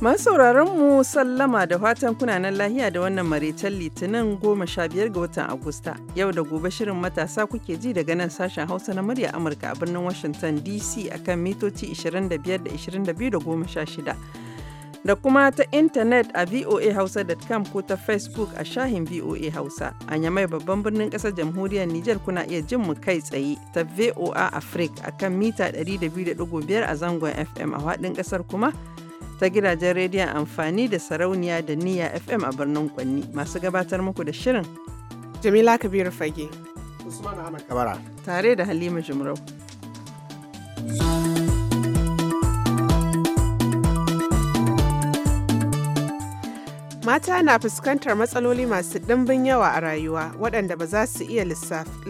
sauraron mu sallama da fatan kuna nan lahiya da wannan maraicen litinin goma sha biyar ga watan agusta yau da gobe shirin matasa kuke ji daga nan sashen hausa na murya amurka a birnin washington dc akan mitoci 25 da 22 da goma sha shida da kuma ta intanet a voahausa.com ko ta facebook a shahin voa hausa a yamai babban birnin kasar jamhuriyar niger kuna iya jin mu kai tsaye ta voa africa akan mita 200.5 a zangon fm a faɗin ƙasar kuma ta gidajen rediyon amfani da sarauniya da niyya fm a birnin kwanni masu gabatar muku da shirin jamila kabiru fage usman ahmad kabara tare da halima jimrau Mata na fuskantar matsaloli masu ɗimbin yawa a rayuwa waɗanda ba za su iya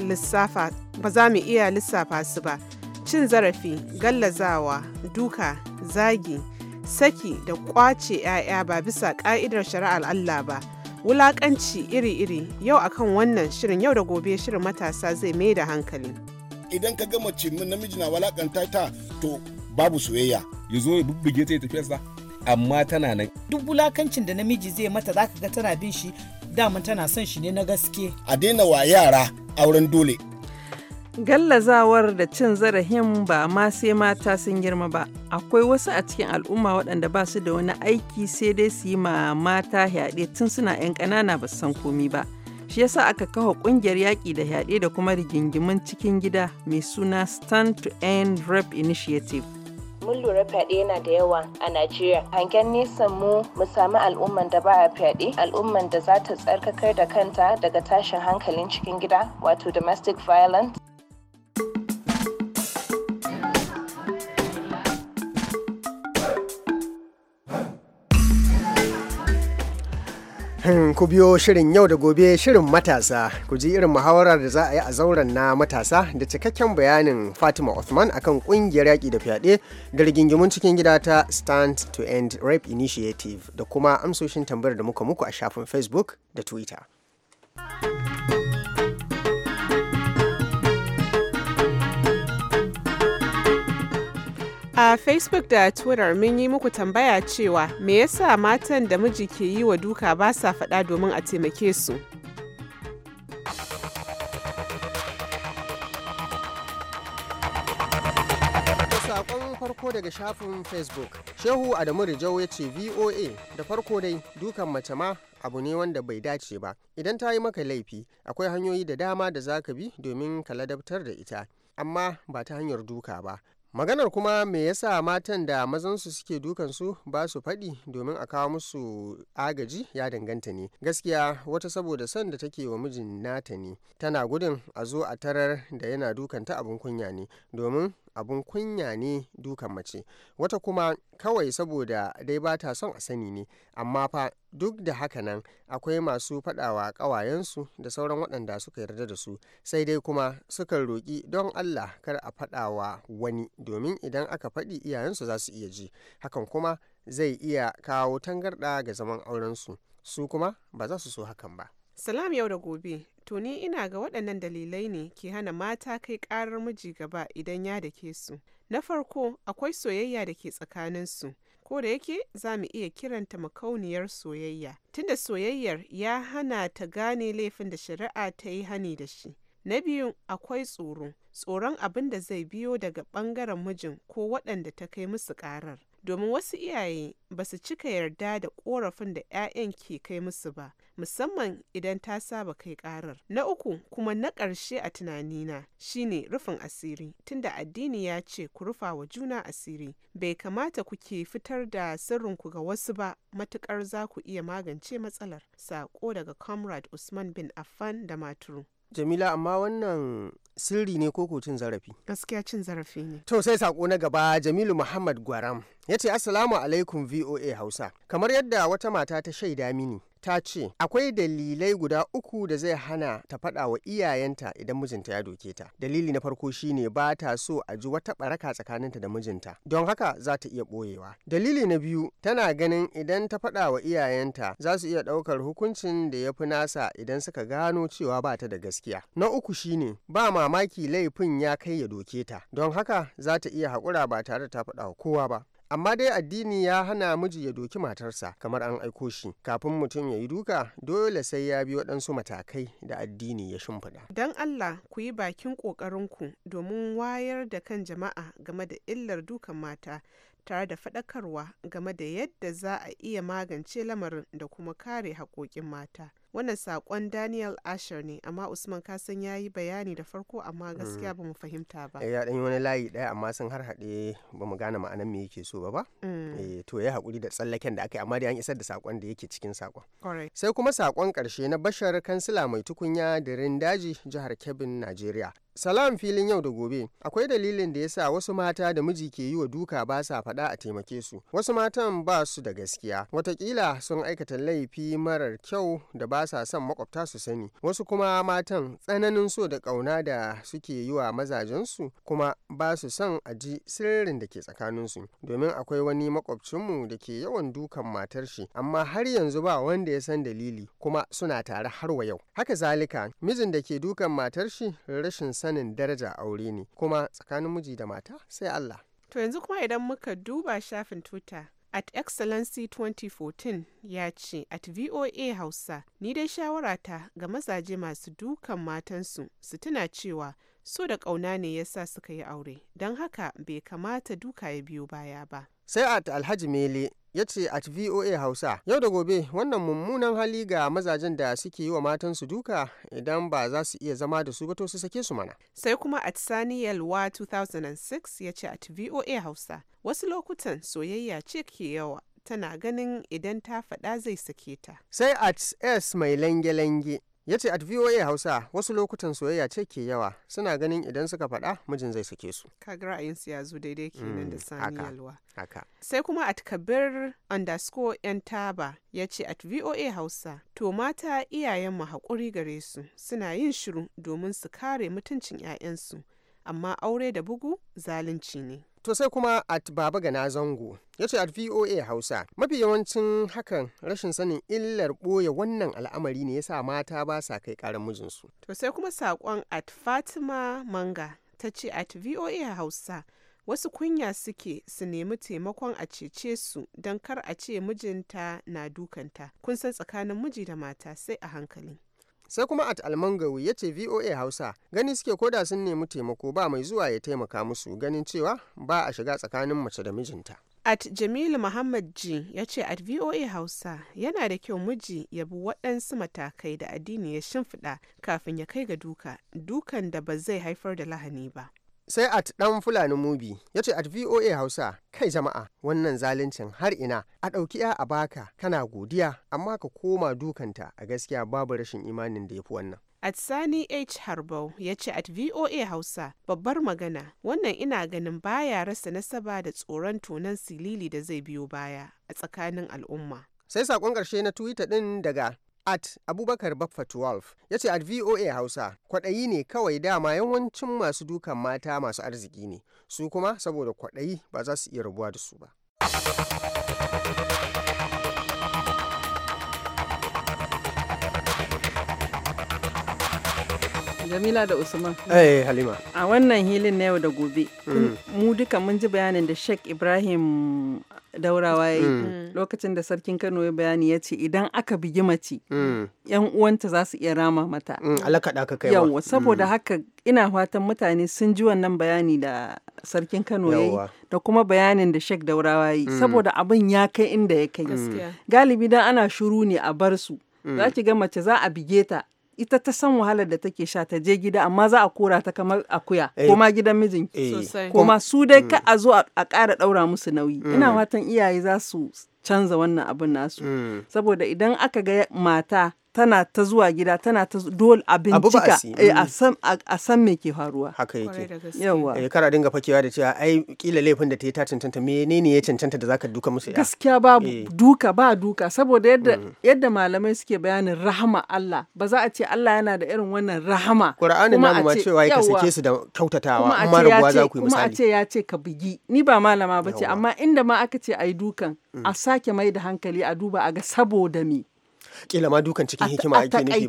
lissafa ba za mu iya lissafa su ba. Cin zarafi, gallazawa, duka, zagi, saki da kwace 'ya'ya ba bisa ƙa'idar shari'ar Allah ba wulaƙanci iri-iri yau akan wannan shirin yau da gobe shirin matasa zai mai da hankali idan ka ga mace namiji na walaƙanta ta to babu soyayya ya zo ya bubbuge ta ya tafiyarsa amma tana nan duk wulaƙancin da namiji zai mata za ka ga tana bin shi dama tana son shi ne na gaske a daina wa yara auren dole Gallazawar da cin zarafin ba ma sai mata sun girma ba. Akwai wasu a cikin al'umma waɗanda ba su da wani aiki sai dai su yi ma mata yaɗe tun suna 'yan ƙanana ba san komi ba. Shi yasa aka kawo ƙungiyar yaƙi da yaɗe da kuma rigingimin cikin gida mai suna Stand to End Rape Initiative. mun lura fyaɗe yana da yawa a Najeriya. Hangen nesan mu mu sami al'umman da ba a fyaɗe, al'umman da za ta tsarkakar da kanta daga tashin hankalin cikin gida, wato domestic violence. ku biyo shirin yau da gobe shirin matasa ku ji irin muhawarar da za a yi a zauren na matasa da cikakken bayanin fatima othman akan kungiyar yaƙi da fyaɗe da rigingimun cikin gida ta stand to end rape initiative da kuma amsoshin tambayar da muka muku a shafin facebook da twitter A Facebook da Twitter mun yi muku tambaya cewa me yasa matan da miji ke yi wa duka ba sa faɗa domin a taimake su. Sakon farko daga shafin Facebook, Shehu Adamu Rijau ya ce VOA da farko dai dukan mace ma abu ne wanda bai dace ba. Idan ta yi maka laifi, akwai hanyoyi da dama da za ka bi domin ka ladabtar da ita. amma ba ta hanyar duka ba maganar kuma me yasa matan da mazansu suke dukan su ba su faɗi domin a kawo musu agaji ya danganta ne gaskiya wata saboda son da take wa mijin nata ne tana gudun a zo a tarar da yana dukanta abin kunya ne domin abun kunya ne dukan mace wata kuma kawai saboda dai ba ta son a sani ne amma fa duk da haka nan akwai masu fadawa kawayensu da sauran waɗanda suka yarda da su sai dai kuma sukan roƙi don allah kar a fadawa wani domin idan aka faɗi iyayensu za su iya ji hakan kuma zai iya kawo tangarɗa ga zaman aurensu su kuma ba za su so hakan ba Salam yau da gobe, to ni ina ga waɗannan dalilai ne ke hana mata kai ƙarar miji gaba idan ya dake su. Na farko, akwai soyayya da ke tsakaninsu, ko da yake za mu iya kiranta makauniyar soyayya, tunda soyayyar ya hana ta gane laifin da shari'a ta yi hani da shi. Na biyu, akwai tsoro, tsoron abin da zai biyo daga ɓangaren mijin ko waɗanda ta kai musu ƙarar. domin wasu iyaye ba su cika yarda da korafin da 'ya'yan ke kai musu ba musamman idan ta saba kai karar na uku kuma na ƙarshe a tunanina shine rufin asiri tunda addini ya ce ku rufa wa juna asiri bai kamata ku ke fitar da sirrinku ga wasu ba matuƙar za ku iya magance matsalar sako daga comrade usman bin affan da maturu jamila amma wannan sirri ne ko cin zarafi gaskiya cin zarafi ne to sai sako na gaba jamilu muhammad gwaram ya ce assalamu alaikum voa hausa kamar yadda wata mata ta shaida mini ta ce akwai dalilai guda uku da zai hana ta faɗa wa iyayenta idan mijinta ya doke ta dalili na farko shine ba ta so a ji wata baraka tsakaninta da mijinta don haka za ta iya ɓoyewa dalili na biyu tana ganin idan ta faɗa wa iyayenta za su iya ɗaukar hukuncin da ya fi nasa idan suka gano cewa ba ta da gaskiya na uku shine ba mamaki laifin ya kai ya doke ta don haka za ta iya haƙura ba tare da ta faɗa wa kowa ba amma dai addini ya hana miji ya doki matarsa kamar an aiko shi kafin mutum ya yi duka dole sai ya bi waɗansu matakai da addini ya shimfiɗa. don allah ku yi bakin ƙoƙarinku domin wayar da kan jama'a game da illar dukan mata tare da faɗakarwa game da yadda za a iya magance lamarin da kuma kare haƙoƙin mata. Wannan sakon Daniel Asher ne, amma Usman kasan ya yi bayani da farko amma mm. gaskiya ba mu fahimta ba. Eh, ya dan wani layi ɗaya amma sun har haɗe ba mu gane ma'anar me yake so ba ba. Mm. Eh, to ya haƙuri da tsallaken da aka yi amma da an isar da saƙon da yake cikin saƙon. Sai kuma sakon ƙarshe na Bashar Kansila mai tukunya da daji jihar Kebbin, nigeria. Salam filin yau da gobe, akwai dalilin da ya sa wasu mata da miji ke yi wa duka ba sa faɗa a taimake su. Wasu matan ba su da gaskiya, watakila sun aikata laifi marar kyau da ba sa son makwabta su sani wasu kuma matan tsananin so da ƙauna da suke yi wa mazajensu kuma ba su son a ji sirrin da ke tsakaninsu domin akwai wani makwabcinmu da ke yawan dukan matar shi amma har yanzu ba wanda ya san dalili kuma suna tare har wa yau haka zalika mijin da ke dukan matar shi rashin sanin daraja aure ne kuma tsakanin miji da mata sai Allah to yanzu kuma idan muka duba shafin tuta at excellency 2014 ya ce at voa hausa ni dai shawarata ga mazaje masu dukan matansu su tuna cewa so da ƙauna ne yasa suka yi aure don haka bai kamata duka ya biyo baya ba sai at alhaji mele ya ce at voa hausa yau da gobe wannan mummunan hali ga mazajen da suke yi wa matansu duka idan ba za su iya zama da su ba to su sake su mana sai kuma at sani yalwa 2006 ya ce at voa hausa wasu lokutan soyayya ce ke yawa tana ganin idan ta faɗa zai sake ta. Sai at S mai lange-lange ya ce at voa hausa wasu lokutan soyayya ce ke yawa suna ganin idan suka faɗa mijin zai sake su kaga ra'ayinsu ya zo daidai kenan da hmm, sani yalwa sai kuma at kabir underscore yan taba ya ce at voa hausa to mata iyayen mu haƙuri gare su suna yin shiru domin su kare mutuncin 'ya'yansu amma aure da bugu zalunci ne. To sai kuma at Baba Gana Zango ya ce at VOA Hausa mafi yawancin hakan rashin sanin illar ɓoye wannan al'amari ne yasa mata ba sa kai ƙarar mijinsu. To sai kuma saƙon at Fatima Manga ta ce at VOA Hausa wasu kunya suke su nemi taimakon a cece su don kar a ce mijinta na dukanta kun san tsakanin miji da mata sai a hankali. sai kuma at almangawi ya ce voa hausa gani suke koda sun nemi taimako ba mai zuwa ya taimaka musu ganin cewa ba a shiga tsakanin mace da mijinta at jamilu muhammad ji ya ce at voa hausa yana da kyau miji ya bi waɗansu matakai da addini ya shimfiɗa kafin ya kai ga duka dukan da ba zai haifar da lahani ba sai at dan fulani mubi ya ce at voa hausa kai jama'a wannan zaluncin har ina a ɗauki ya a baka kana godiya amma ka koma dukanta a gaskiya babu rashin imanin da ya fi wannan At Sani H. Harbau ya ce at VOA Hausa babbar magana wannan ina ganin baya rasa nasaba da tsoron tonon silili da zai biyo baya a tsakanin al'umma. Sai saƙon ƙarshe na Twitter ɗin daga at abubakar baffa 12 ya ce at voa hausa kwaɗayi ne kawai dama yawancin masu dukan mata masu arziki ne su kuma saboda kwaɗayi ba za su iya rabuwa da su ba Jamila da Usman. Eh Halima. A wannan hilin na yau da gobe. Mm. Mu duka mun ji bayanin da Sheikh Ibrahim Daurawa ya yi mm. Mm. lokacin da sarkin Kano ya bayani ya ce idan aka bigi mace yan uwanta za su iya rama mata. Alakaɗa ka kai Yawwa saboda haka ina fatan mutane sun ji wannan bayani da sarkin Kano ya yi da kuma bayanin da Sheikh Daurawa ya yi saboda abin ya kai inda ya kai. Galibi dan ana shiru ne a bar su. Za ki ga mace za a bige ta ita ta san wahalar da take sha ta je gida amma za a kora ta kamar akuya ko ma eh. gidan mijin eh. ko ma su dai mm. ka a zo a ƙara ɗaura musu nauyi mm. ina watan iyaye za su canza wannan abin nasu mm. saboda idan aka ga mata tana ta zuwa gida tana ta dole a bincika eh, mm. a san me ke faruwa haka yake yawa eh kara dinga fakewa da cewa ai kila laifin da ta yi ta cancanta menene ya cancanta da zaka duka musu gaskiya ba eh. duka ba duka saboda yadda mm. yadda malamai suke bayanin rahama Allah ba za a ce Allah yana da irin wannan rahama Qur'anin namu ma cewa ya sake su da kyautatawa kuma rabuwa za ku yi misali kuma a ce ya ce ka bugi ni ba malama bace amma inda ma aka ce ai dukan a mm. sake mai da hankali a duba a ga saboda me kila ma dukan cikin hikima ake nufi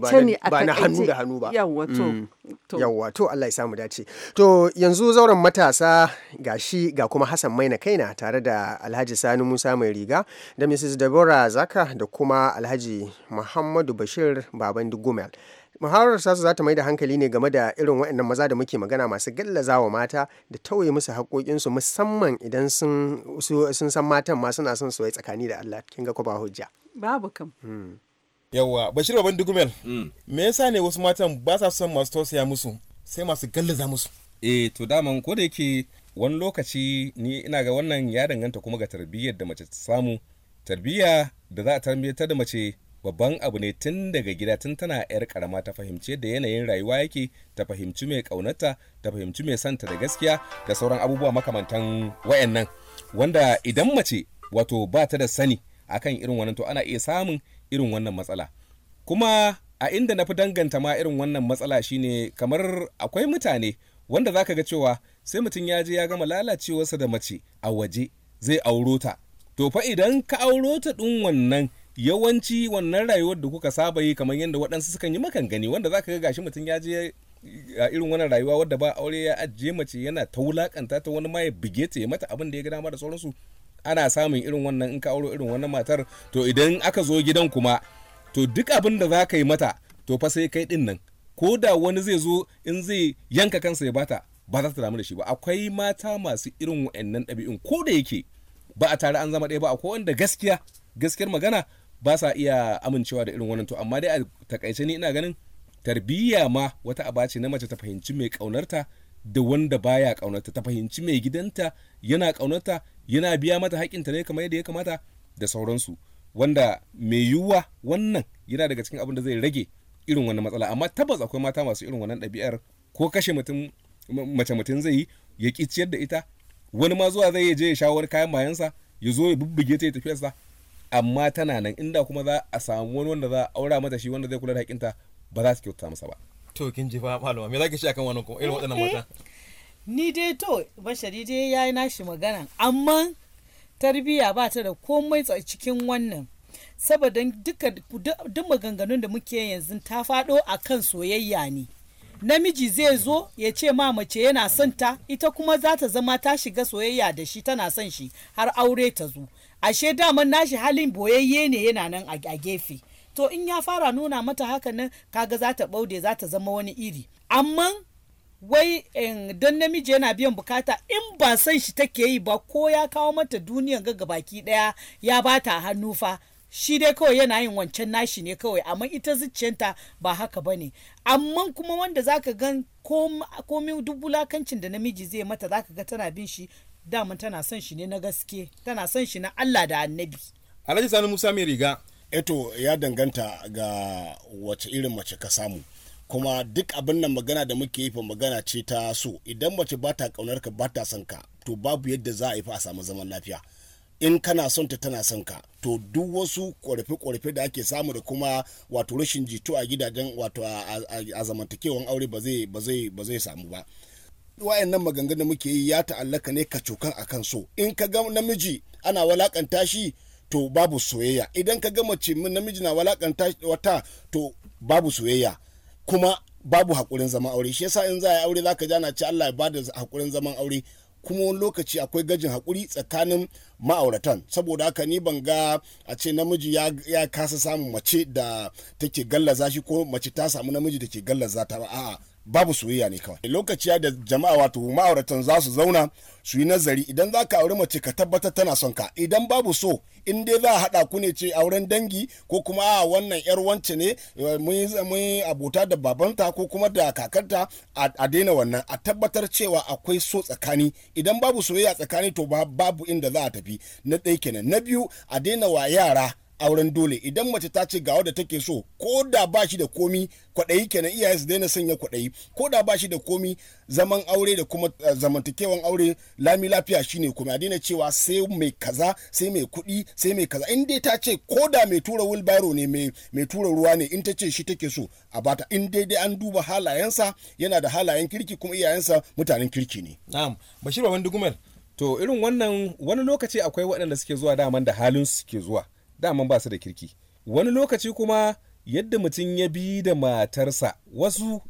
ba na hannu da hannu ba mm. yawwa to Allah ya samu dace to yanzu zauren matasa gashi ga kuma Hassan Maina kaina tare da Alhaji Sani Musa mai riga da Mrs Deborah Zaka da kuma Alhaji Muhammadu Bashir Baban Dugumel muhawarar sasu za ta mai da hankali ne game da irin waɗannan maza da muke magana masu gallaza wa mata da tauye musu haƙoƙinsu musamman idan sun san matan ma suna son su yi tsakani da Allah kin ga ku ba hujja babu kam mm. yawwa bashir baban dugumel mm. me yasa ne wasu matan ba sa son masu tausaya musu sai masu gallaza musu eh to daman ko da yake wani lokaci ni ina ga wannan ya danganta kuma ga tarbiyyar da mace ta samu tarbiyya da za a tarbiyyar da mace babban abu ne tun daga gida tun tana yar karama ta fahimce da yanayin rayuwa yake ta fahimci mai kaunata ta fahimci mai santa da gaskiya da sauran abubuwa makamantan wayannan wanda idan mace wato ba ta da sani akan irin wannan to ana iya samun irin wannan matsala kuma a inda na fi danganta ma irin wannan matsala shine kamar akwai mutane wanda zaka ga cewa sai mutum ya je ya gama lalacewarsa da mace a waje zai auro ta to fa idan ka auro ta ɗin wannan yawanci wannan rayuwar da kuka saba yi kamar yadda waɗansu sukan yi makan gani wanda zaka ga gashi mutum ya je a irin wannan rayuwa wadda ba aure ya ajiye mace yana ta wulakanta ta wani ma ya bige ta ya mata abin da ya ga dama da sauransu ana samun irin wannan in ka auro irin wannan matar to idan aka zo gidan kuma to duk abin da za ka yi mata to fa sai kai din nan ko da wani zai zo in zai yanka kansa ya bata ba za ta damu da shi ba akwai mata masu irin wa'annan ɗabi'un ko da yake ba a tare an zama ɗaya ba akwai wanda gaskiya gaskiyar magana ba sa iya amincewa da irin wannan to amma dai a takaice ni ina ganin tarbiyya ma wata aba ce na mace ta fahimci mai kaunarta. da wanda baya kaunata ta fahimci mai gidanta yana kaunata yana biya mata haƙinta ne kamar yadda ya kamata da sauransu wanda mai yiwuwa wannan yana daga cikin abin da zai rage irin wannan matsala amma tabbas akwai mata masu irin wannan ɗabi'ar ko kashe mutum mace mutum zai yi ya ƙi ciyar da ita wani ma zuwa zai je ya wani kayan bayansa ya zo ya bubbuge ta ya sa. amma tana nan inda kuma za a samu wani wanda za a aura mata shi wanda zai kula da hakinta ba za su kyautata masa ba to kin ji fa malama me zaki shi akan wannan kuma irin waɗannan mata eh, ni dai to bashari dai yayi nashi magana amma tarbiya ba ta da komai a cikin wannan saboda duka duk maganganun da muke yanzu ta faɗo akan soyayya ne namiji zai zo ya ce ma mace yana son ta ita kuma za ta zama ta shiga soyayya da shi tana son shi har aure ta zo ashe daman nashi halin boyayye ne yana nan a gefe to in ya fara nuna mata haka nan kaga za ta baude za ta zama wani iri amma wai don namiji yana biyan bukata in ba san shi take yi ba ko ya kawo mata duniyan ga baki daya ya bata hannu fa shi dai kawai yana yin wancan nashi ne kawai amma ita zuciyanta ba haka bane amma kuma wanda zaka gan komi duk wulakancin da namiji zai mata zaka ga tana bin shi daman tana son shi ne na gaske tana son shi na Allah da annabi Alhaji Sani Musa mai riga eto ya danganta ga wace irin mace ka samu kuma duk abin nan magana da muke yi fa magana ce ta so idan mace ba ta kaunar ka ba ta son ka to babu yadda za a yi fa a samu zaman lafiya in kana son ta tana son ka to duk wasu ƙorafe-ƙorafe da ake samu da kuma wato rashin jito a gidajen wato a zamantakewan aure ba zai ba zai ba zai samu ba wayannan maganganun da muke yi ya ta'allaka ne ka cokan akan so in ka ga namiji ana walakanta shi to babu soyayya idan ka ga mace namiji na walakanta wata to babu soyayya kuma babu hakurin zaman aure shi yasa in za a yi aure zaka ka ana ce Allah ya da hakurin zaman aure kuma wani lokaci akwai gajin hakuri tsakanin ma'auratan saboda haka ni ban ga a ce namiji ya kasa samun mace da take gallaza shi ko mace ta samu namiji da ke gallaza ta ba a'a babu soyayya ne kawai lokaci ya da jama'a wato ma'auratan za su zauna su yi nazari idan za ka auri mace ka tabbatar tana son ka idan babu so in dai za a haɗa ku ne ce auren dangi ko kuma a wannan yar wance ne mun yi abota da babanta ko kuma da kakarta a daina wannan a tabbatar cewa akwai so tsakani idan babu soyayya tsakani to babu inda za a tafi na ɗaya kenan na biyu a daina wa yara auren dole idan mace ta ce ga wadda take so ko da ba shi da komi kwaɗayi kenan iyaye su daina sanya kwaɗayi ko da ba shi da komi zaman aure da kuma eh, zamantakewan aure lami lafiya shine kuma daina cewa sai mai kaza sai mai kuɗi sai mai kaza in dai ta ce ko da mai tura wilbaro ne mai tura ruwa ne in ta ce shi take so a bata in dai dai an duba halayensa yana da halayen kirki kuma iyayensa mutanen kirki ne na'am bashir baban dugumar to irin wannan wani lokaci akwai waɗanda suke zuwa daman da halin suke zuwa daman ba su da kirki wani lokaci kuma yadda mutum ya bi da matarsa wasu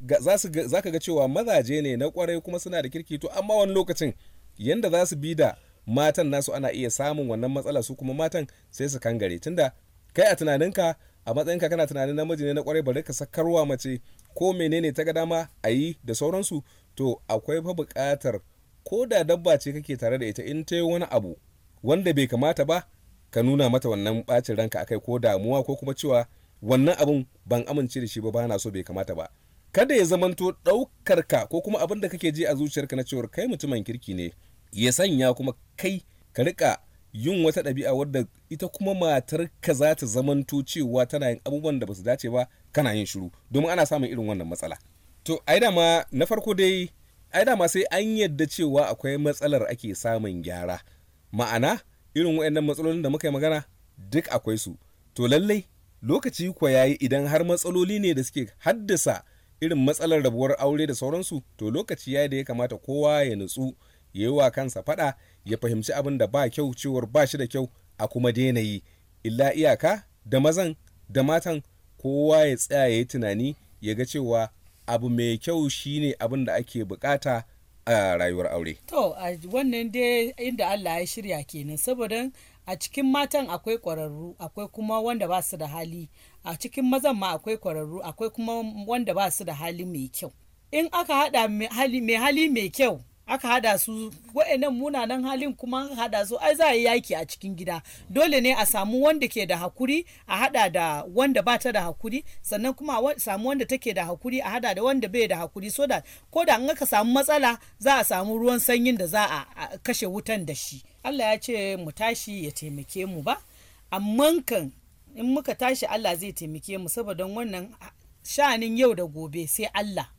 za ka ga cewa mazaje ne na kwarai kuma suna da kirki to amma wani lokacin yadda za su bi da matan nasu ana iya samun wannan matsala su kuma matan sai su kangare tunda kai a tunaninka a matsayinka kana tunanin namiji ne na kwarai bari ka sakarwa mace ko menene ta ga dama a yi da sauransu to akwai fa buƙatar ko da dabba ce kake tare da ita in ta yi wani abu wanda bai kamata ba ka nuna mata wannan bacin ranka akai ko damuwa ko kuma cewa wannan abun ban amince da shi ba bana so bai kamata ba kada ya zamanto ɗaukar ka ko kuma abin da kake ji a zuciyarka na cewar kai mutumin kirki ne ya sanya kuma kai ka rika yin wata ɗabi'a wadda ita kuma matar ka za ta zamanto cewa tana yin abubuwan da ba su dace ba kana yin shiru domin ana samun irin wannan matsala to ai dama na farko dai ai dama sai an yadda cewa akwai matsalar ake samun gyara ma'ana irin waɗannan matsalolin da muka yi magana duk akwai su to lallai lokaci kuwa yi idan har matsaloli ne da suke haddasa irin matsalar rabuwar aure da sauransu to lokaci ya yi da ya kamata kowa ya nutsu ya yi wa kansa faɗa ya fahimci abin da ba kyau cewar ba shi da kyau a kuma daina yi illa iyaka da mazan da matan kowa ya tsaya ya yi tunani ya ga cewa abu mai kyau shine abin da ake bukata a rayuwar aure to a wannan dai inda Allah ya shirya kenan saboda a cikin matan akwai kwararru akwai kuma wanda ba su da hali a cikin mazan ma akwai kwararru akwai kuma wanda ba su da hali mai kyau in aka haɗa mai hali mai kyau aka hada su wa'annan munanan halin kuma aka hada su ai za a yi yaki a cikin gida dole ne a samu wanda ke da hakuri a hada da wanda ba ta da hakuri sannan kuma a samu wanda take da hakuri a hada da wanda bai da hakuri so da ko da an aka samu matsala za a samu ruwan sanyin da za a kashe wutan da shi Allah ya ce mu tashi ya taimake mu ba amma kan in muka tashi Allah zai taimake mu saboda wannan sha'anin yau da gobe sai Allah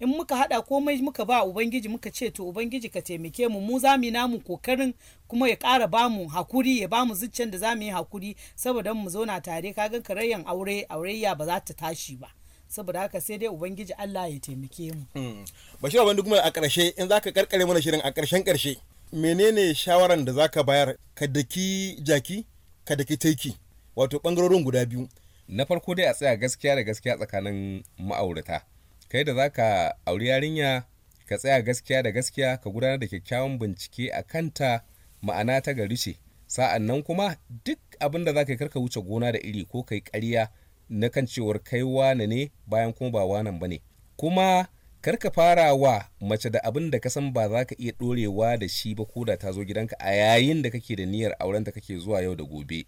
in muka hada komai muka ba ubangiji muka ce to ubangiji ka taimake mu mu za mu namu kokarin kuma ya kara ba mu hakuri ya ba mu da za mu yi hakuri saboda mu zauna tare ka ga karayyan aure aurayya ba za ta tashi ba saboda haka sai dai ubangiji Allah ya taimake mu hmm. bashir abin kuma a karshe in zaka karkare mana shirin a karshen karshe menene shawaran da zaka bayar ka daki jaki ka daki taiki wato bangarorin guda biyu na farko dai a tsaya gaskiya da gaskiya tsakanin ma'aurata kai da za ka auri yarinya ka tsaya gaskiya da gaskiya ka gudanar da kyakkyawan bincike a kanta ma'ana ta gari ce sa'an nan kuma duk abin da za ka yi karka wuce gona da iri ko kai karya na kan cewar kai wane ne bayan kuma ba wanan ba ne kuma karka fara wa mace da abin da ka san ba za ka iya ɗorewa da shi ba ko da ta zo gidanka a yayin da kake da niyyar auren ta kake zuwa yau da gobe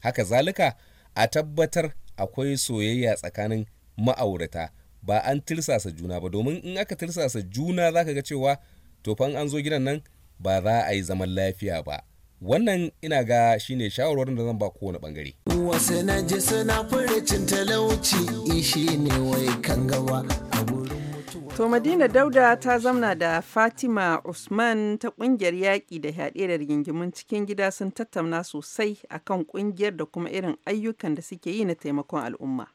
haka zalika a tabbatar akwai soyayya tsakanin ma'aurata ba an tirsasa juna ba domin in aka tirsasa juna za ka ga cewa tofan an zo gidan nan ba za a yi zaman lafiya ba wannan ina ga shine shawarwarin da zan ba kowane bangare wasu na ji talauci ne wai kan gaba a To Madina Dauda ta zamna da Fatima Usman ta kungiyar yaƙi da yaɗe da rigingimun cikin gida sun tattauna sosai akan kungiyar da kuma irin ayyukan da suke yi na taimakon al'umma.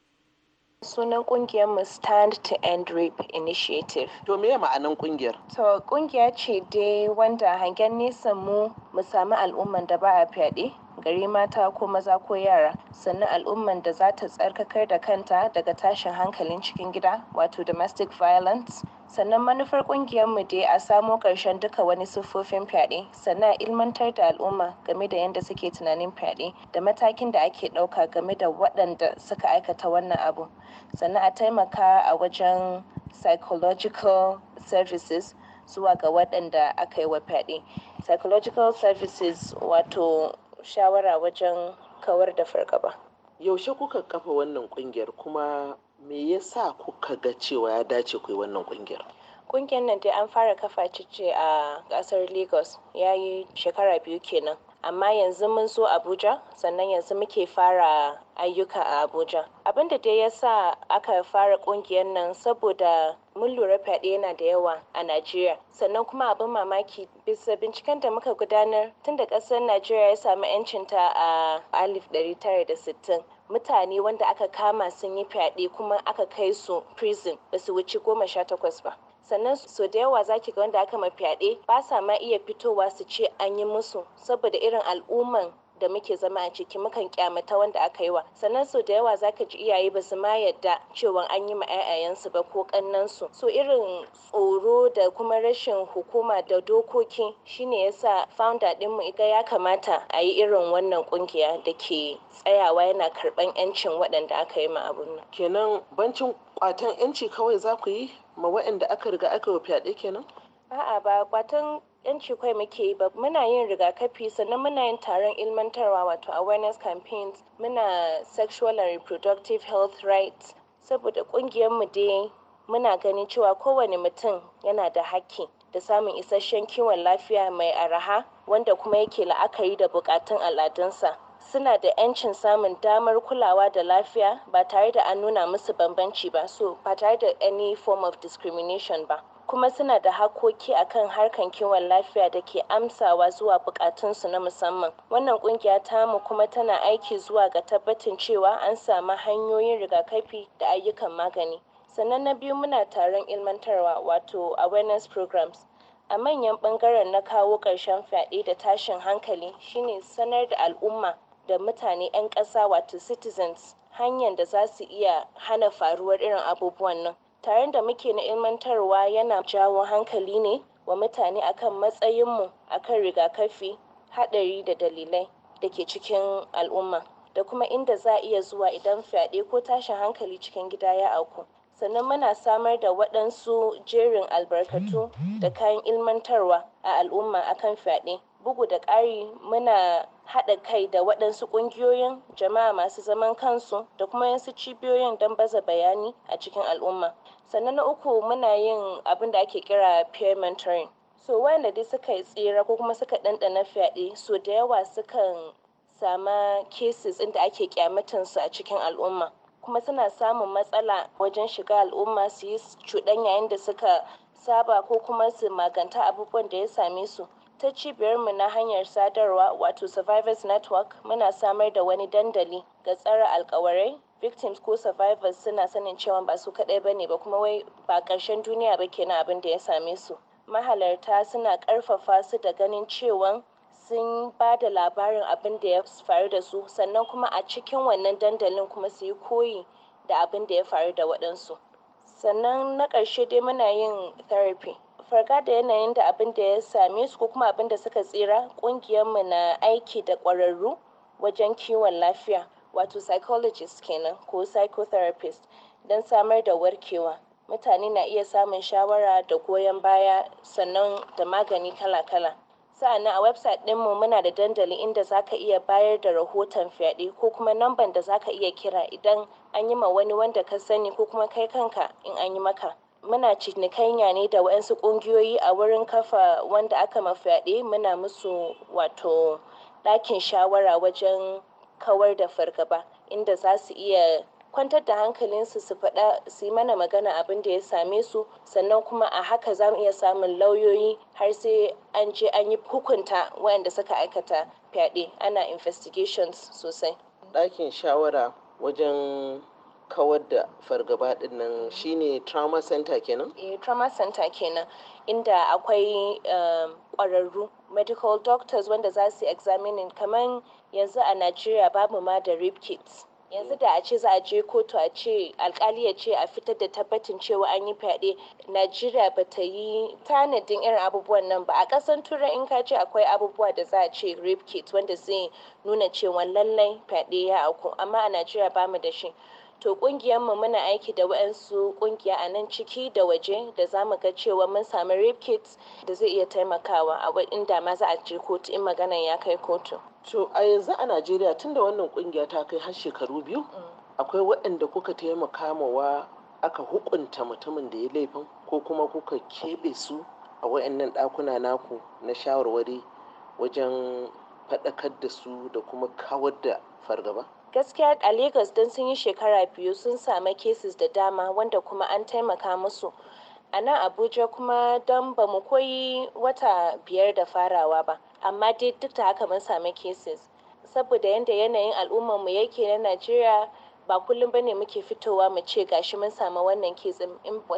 Sunan kungiyar mu Stand to End Rape Initiative. To me ma'anan kungiyar? To kungiya ce dai wanda hangen nesa mu mu sami al'umman da ba a fyaɗe gari mata ko maza ko yara sannan al'umman da za ta tsarkakar da kanta daga tashin hankalin cikin gida wato domestic violence sannan manufar mu dai a samo karshen duka wani siffofin fyaɗe sannan ilmantar da al'umma game da yadda suke tunanin fyaɗe da matakin da ake ɗauka game da waɗanda suka aikata wannan abu sannan a taimaka a wajen psychological services zuwa ga waɗanda aka yi wa fyaɗe psychological services wato shawara wajen kawar da fargaba. Yaushe kuka kafa wannan kungiyar kuma me yasa kuka ga cewa ya dace ku yi wannan kungiyar? Kungiyar nan dai an fara kafa ce a kasar Lagos ya yi shekara biyu kenan. amma yanzu mun so abuja sannan yanzu muke fara ayyuka a abuja abin da dai ya sa aka fara kungiyar nan saboda mun lura fyaɗe yana da yawa a najeriya sannan kuma abin mamaki bisa binciken da muka gudanar tun da ƙasar najeriya ya samu 'yancinta a 1960 mutane wanda aka kama sun yi fyaɗe kuma aka kai su prison basu su wuci goma sha takwas ba sannan so da yawa zaki ga wanda aka ma fyaɗe ba sa ma iya fitowa su ce an yi musu saboda irin al'umman da muke zama a ciki mukan kyamata wanda aka yi wa sannan so da yawa zaka ji iyaye ba su ma yadda cewa an yi ma 'ya'yayensu ba ko kannansu so irin tsoro da kuma rashin hukuma da dokoki shine yasa founder dinmu iga ya kamata a yi irin wannan kungiya da ke tsayawa yana karban 'yancin waɗanda aka yi ma abun nan kenan bancin kwatan 'yanci kawai za ku yi ma waɗanda aka riga aka yi fyaɗe kenan a'a ba kwatan yanci kwai muke yi ba muna yin rigakafi sannan muna yin taron ilmantarwa wato awareness campaigns muna sexual and reproductive health rights saboda mu dai muna ganin cewa kowane mutum yana da haƙƙi da samun isasshen kiwon lafiya mai araha wanda kuma yake la'akari da bukatun al'adunsa suna da 'yancin samun damar kulawa da lafiya ba tare da an nuna musu bambanci ba so ba tare da any form of discrimination ba kuma suna da hakoki akan harkan kiwon lafiya da ke amsawa zuwa bukatunsu na musamman wannan kungiya mu kuma tana aiki zuwa ga tabbatin cewa an samu hanyoyin rigakafi da ayyukan magani sannan na biyu muna taron ilmantarwa wato awareness programs a manyan bangaren na kawo ƙarshen fyaɗe da tashin hankali shine sanar da al'umma da mutane 'yan ƙasa wato citizens hanyar da za su iya hana faruwar irin abubuwan nan tare da muke na ilmantarwa yana jawo hankali ne wa mutane akan matsayinmu akan rigakafi, haɗari da dalilai da ke cikin al'umma, da kuma inda za a iya zuwa idan fyaɗe ko tashin hankali cikin gida ya auku. Sannan muna samar da waɗansu jerin albarkatu da kayan ilmantarwa a al'umma akan fyaɗe. Bugu da ƙari muna haɗa kai da waɗansu ƙungiyoyin jama'a masu zaman kansu da kuma yansu cibiyoyin don baza bayani a cikin al'umma sannan na uku muna yin abin da ake kira peer mentoring so wanda dai suka yi tsira ko kuma suka ɗanɗana fyaɗe so da yawa sukan sama cases inda ake kyamatansu a cikin al'umma kuma suna samun matsala wajen shiga al'umma su yi cuɗanya yayin da suka saba ko kuma su maganta abubuwan da ya same su Ta cibiyarmu na hanyar sadarwa wato Survivors Network muna samar da wani dandali ga tsara alkawarai, victims ko survivors suna sanin cewa ba su kaɗai ba ne ba kuma wai ba ƙarshen duniya ba kenan abin da ya same su. Mahalarta suna ƙarfafa su da ganin cewa sun ba da labarin abin da ya faru da su sannan kuma a cikin wannan dandalin kuma su yi koyi da abin da ya faru da waɗansu. Sannan na ƙarshe dai muna yin therapy farga da yanayin da abin da ya same su ko kuma abin da suka tsira mu na aiki da ƙwararru wajen kiwon lafiya wato psychologist kenan ko psychotherapist don samar da warkewa mutane na iya samun shawara da goyon baya sannan da magani kala-kala sa'annan a website ɗinmu muna da dandali inda za ka iya bayar da rahoton fyaɗe ko kuma namban da za ka iya kira idan an yi ma wani wanda ka sani ko kuma kai kanka in an yi maka muna cinikanya ne da waɗansu ƙungiyoyi a wurin kafa wanda aka fyaɗe muna musu wato ɗakin shawara wajen kawar da fargaba inda za su iya kwantar da hankalinsu su faɗa su yi mana magana abin da ya same su sannan kuma a haka za mu iya samun lauyoyi har sai an je an yi hukunta waɗanda suka aikata fyaɗe ana investigations sosai ɗakin shawara wajen kawar da fargaba dinnan shine trauma center kenan? eh trauma center kenan inda akwai um, kwararru medical doctors wanda za su examining kamar yanzu a nigeria babu ma da rape kits yanzu da a ce za a je kotu a ce alkali ya ce a fitar da tabbatin cewa an yi fyaɗe najeriya ba ta yi tanadin irin abubuwan nan ba a ƙasan turai in ka ce akwai abubuwa da za a ce rape kit wanda zai nuna cewa lallai fyaɗe ya auku amma a najeriya ba mu da shi to mu muna aiki da waɗansu ƙungiya a nan ciki da waje da za mu ga cewa mun samu rape kits da zai iya taimakawa a inda ma za a je kotu in maganan ya kai kotu. To a yanzu a Najeriya tunda wannan ƙungiya ta kai har shekaru biyu mm. akwai waɗanda kuka taimaka mawa aka hukunta mutumin da ya laifin ko kuma kuka keɓe su a waɗannan ɗakuna naku na shawarwari wajen faɗakar da su da kuma kawar da fargaba? gaskiya a Lagos don sun yi shekara biyu sun sami cases da dama wanda kuma an taimaka musu a nan abuja kuma don ba mu koyi wata biyar da farawa ba amma dai duk da haka mun sami cases saboda yadda yanayin mu yake na najeriya ba kullum bane muke fitowa mu ce gashi mun sami wannan kesin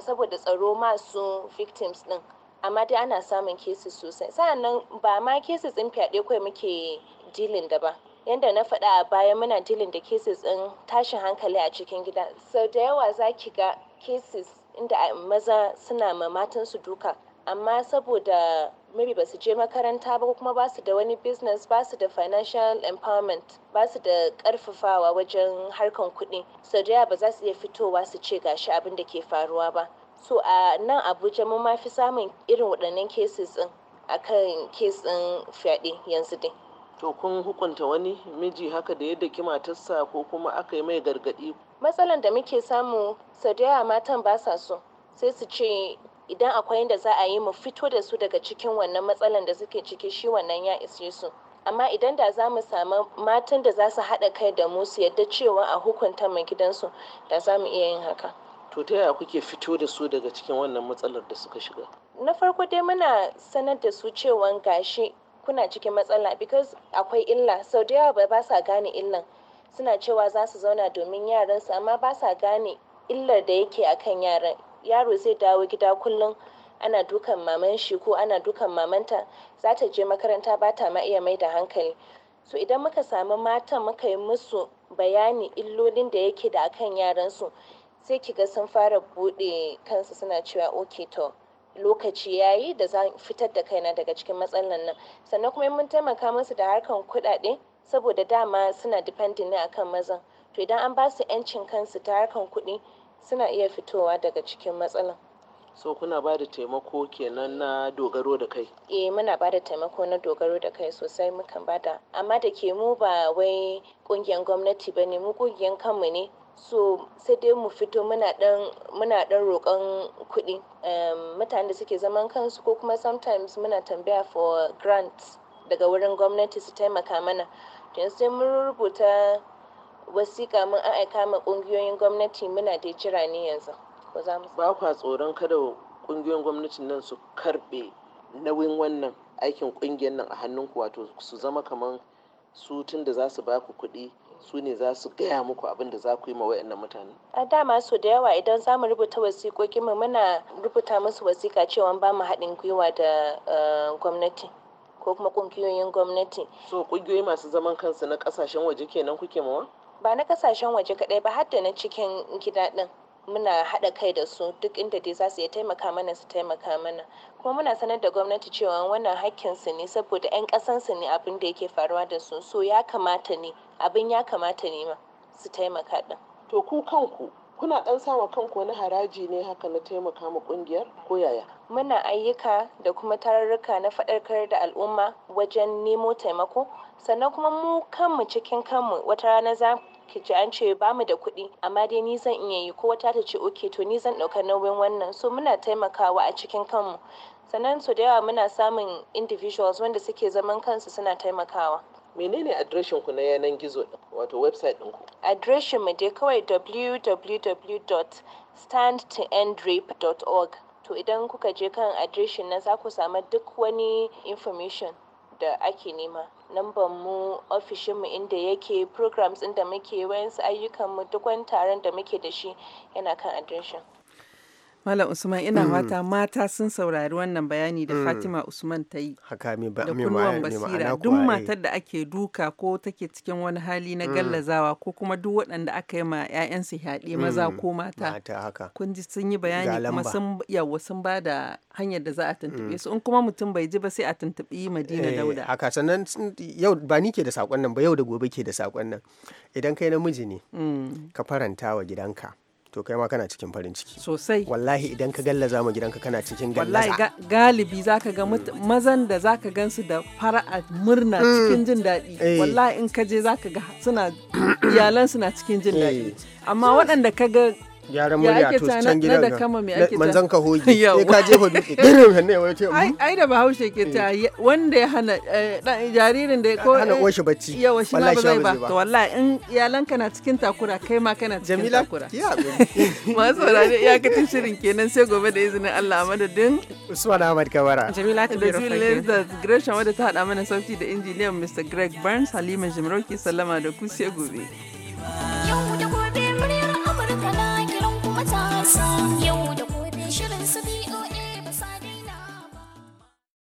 saboda tsaro masu victims din amma dai ana samun cases sosai sa'annan ba ma cases din fyaɗe kawai muke dilin da ba yadda na faɗa a baya muna dilin da cases ɗin tashin hankali a cikin gida sau da yawa za ki ga cases inda maza suna ma matansu duka amma saboda maybe ba su je makaranta ba kuma ba su da wani business ba su da financial empowerment ba su da karfafawa wajen harkan kuɗi sau da yawa ba za su iya fitowa su ce gashi abin da ke faruwa ba so a nan abuja mun ma fi samun irin waɗannan cases ɗin akan kes ɗin fyaɗe yanzu dai To kun hukunta wani miji haka da ya daki matarsa ko kuma aka yi mai gargaɗi? Matsalan da muke samu sau da matan ba sa so sai su ce idan akwai yadda za a yi mu fito da su daga cikin wannan matsalan da suke ciki shi wannan ya ishe su. Amma idan da za mu samu matan da za su haɗa kai da mu su yadda cewa a hukunta mai gidansu da za mu iya yin haka. To ta yaya kuke fito da su daga cikin wannan matsalar da suka shiga? Na farko dai muna sanar da su cewa gashi kuna cikin matsala because akwai illa sau da yawa ba sa gane illan suna cewa za su zauna domin yaransu amma ba sa gane illar da yake akan yaran yaro zai dawo gida kullum ana dukan maman shi ko ana dukan mamanta za ta je makaranta ba ta ma iya mai da hankali so idan muka samu matan muka yi musu bayani illolin da yake da akan yaran su sai ki ga sun fara buɗe kansu suna cewa okay to lokaci ya yi da za fitar da kaina daga cikin matsalan nan sannan kuma mun taimaka musu da harkan kuɗaɗe saboda dama suna dependent ne akan mazan to idan an ba su 'yancin kansu ta harkan kuɗi suna iya fitowa daga cikin matsalan so kuna ba da taimako kenan na dogaro da kai eh muna ba da taimako na dogaro da kai sosai mukan ba da amma da ke mu ba wai kungiyar gwamnati ba ne mu kungiyar kanmu ne so sai dai mu fito muna dan roƙon kuɗi mutane da suke zaman kansu ko kuma sometimes muna tambaya for grants daga wurin gwamnati su taimaka mana yanzu sai mun rubuta wasiƙa mun an aika ma ƙungiyoyin gwamnati muna da jira ne yanzu ko za mu ba kwa tsoron kada ƙungiyoyin gwamnati nan su karɓe nauyin wannan aikin ƙungiyar nan a hannunku wato su zama kamar su tun da za su ba ku kuɗi su ne za su gaya muku abin da za ku yi ma wayannan mutane a dama masu da yawa idan za mu rubuta wasiƙoƙi mu muna rubuta musu wasiƙa cewa ba mu haɗin gwiwa da eh, gwamnati ko kuma ƙungiyoyin gwamnati so ƙungiyoyi masu zaman kansu na ƙasashen waje kenan kuke mawa ba na ƙasashen waje kaɗai ba har da na cikin gida ɗin muna haɗa kai da su duk inda dai za su iya taimaka mana su taimaka mana kuma muna sanar da gwamnati cewa wannan su ne saboda 'yan ƙasansu ne abin da yake faruwa da su so ya kamata ne abin ya kamata ne ma su taimaka ɗin. to ku kanku kuna ɗan sawa kanku wani haraji ne haka na taimaka ma ƙungiyar ko yaya muna ayyuka da kuma tararruka na faɗarkar da al'umma wajen nemo taimako sannan kuma mu kanmu cikin kanmu wata rana za ki ji an ce ba mu da kuɗi amma dai ni zan iya yi ko wata ta ce oke to ni zan ɗauka nauyin wannan so muna taimakawa a cikin kanmu sannan so da yawa muna samun individuals wanda suke zaman kansu suna taimakawa menene adireshin ku na yanan gizo wato website ɗinku adireshin mu dai kawai www.standtoendrape.org to idan kuka je kan adireshin nan za ku samu duk wani information da ake nema lambar mu ofishin mu inda yake programs da muke wayansu ayyukan mu duk wani taron da muke da shi yana kan adireshin. Malam Usman ina mm. fata mata sun saurari wannan bayani da mm. Fatima Usman ta yi. Haka da kunnuwan basira duk matar da ake duka ko take cikin wani hali na mm. gallazawa ko kuma duk waɗanda aka yi ma 'ya'yansu yaɗe maza ko mata. Kun ji sun yi bayani kuma sun yawa sun ba da hanyar da za a tuntuɓe su in kuma mutum bai ji ba sai a tuntuɓi Madina eh, Dauda. Haka sannan yau ba ni ke da saƙon nan ba yau da gobe ke da saƙon nan idan kai namiji ne ka faranta wa gidanka. to kai ma kana cikin farin ciki sosai wallahi idan ka gallaza mu gidanka kana cikin gallaza wallahi galibi zaka ga mazan da zaka gansu da fara'a murna mm. cikin jin daɗi eh. wallahi in ka je zaka ga suna iyalan suna cikin jin daɗi eh. amma waɗanda ka ga gyaran murya to can gidan da kama me ake manzan ka hoji sai ka jefa dutse irin hanne wai ce hmm? ai da bahaushe ke ta eh. wanda ya hana eh, jaririn da ko hana eh, uwar bacci yawa shi ma ba zai ba to wallahi in ka na cikin takura kai ma kana cikin takura jamila masu ya iyakacin shirin kenan sai gobe da izinin Allah a madadin Usman Ahmad Kabara Jamila ta da fakin da Gresham wadda ta hada mana sauti da injiniyan Mr Greg Burns Halima Jimroki sallama da ku sai gobe Yau da Yeah.